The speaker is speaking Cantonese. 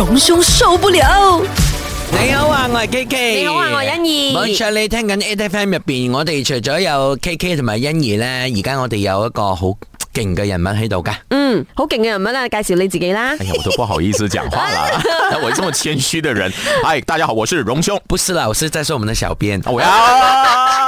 榮兄受不了！你好啊，我係 K K。你好啊，我係欣宜。晚上你聽緊 ATFM 入邊，我哋除咗有 K K 同埋欣宜咧，而家我哋有一個好勁嘅人物喺度噶。嗯，好勁嘅人物啦，介紹你自己啦。哎呀，我都不好意思講話啦， 我係這麼謙虛嘅人。哎，大家好，我是榮兄。不是啦，我是在說我們的小編。